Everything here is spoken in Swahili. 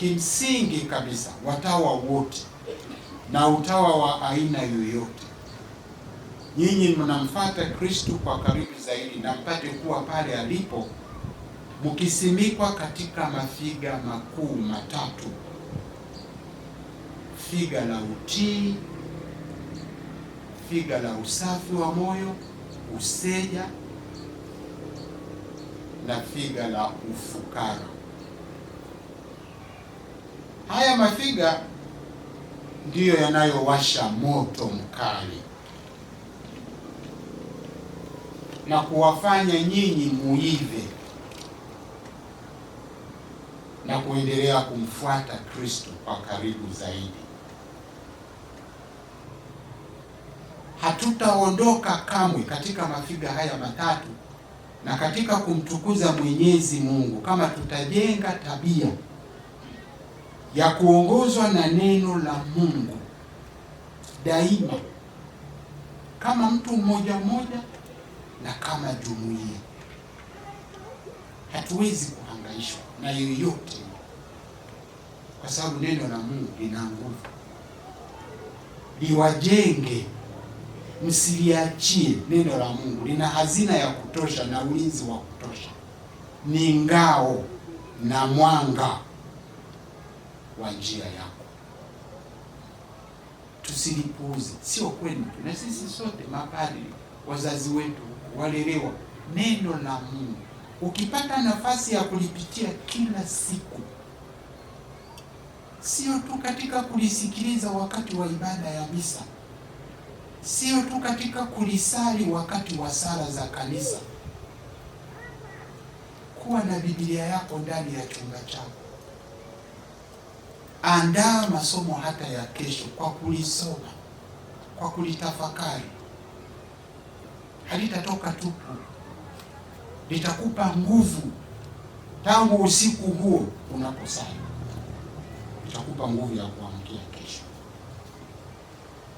Kimsingi kabisa watawa wote na utawa wa aina yoyote, nyinyi mnamfata kristu kwa karibu zaidi na mpate kuwa pale alipo, mkisimikwa katika mafiga makuu matatu: figa la utii, figa la usafi wa moyo, useja, na figa la ufukara. Haya mafiga ndiyo yanayowasha moto mkali na kuwafanya nyinyi muive na kuendelea kumfuata Kristo kwa karibu zaidi. Hatutaondoka kamwe katika mafiga haya matatu na katika kumtukuza Mwenyezi Mungu kama tutajenga tabia ya kuongozwa na neno la Mungu daima, kama mtu mmoja mmoja na kama jumuiya. Hatuwezi kuhangaishwa na yoyote, kwa sababu neno la Mungu lina nguvu, liwajenge Msiliachie neno la Mungu, lina hazina ya kutosha na ulinzi wa kutosha, ni ngao na mwanga wa njia yako. Tusilipuuze, sio kwenu, na sisi sote mapadri, wazazi wetu walelewa neno la Mungu. Ukipata nafasi ya kulipitia kila siku, sio tu katika kulisikiliza wakati wa ibada ya misa, sio tu katika kulisali wakati wa sala za kanisa, kuwa na Biblia yako ndani ya chumba chako andaa masomo hata ya kesho kwa kulisoma, kwa kulitafakari. Halitatoka tupu, litakupa nguvu tangu usiku huo unaposali, litakupa nguvu ya kuamkia kesho.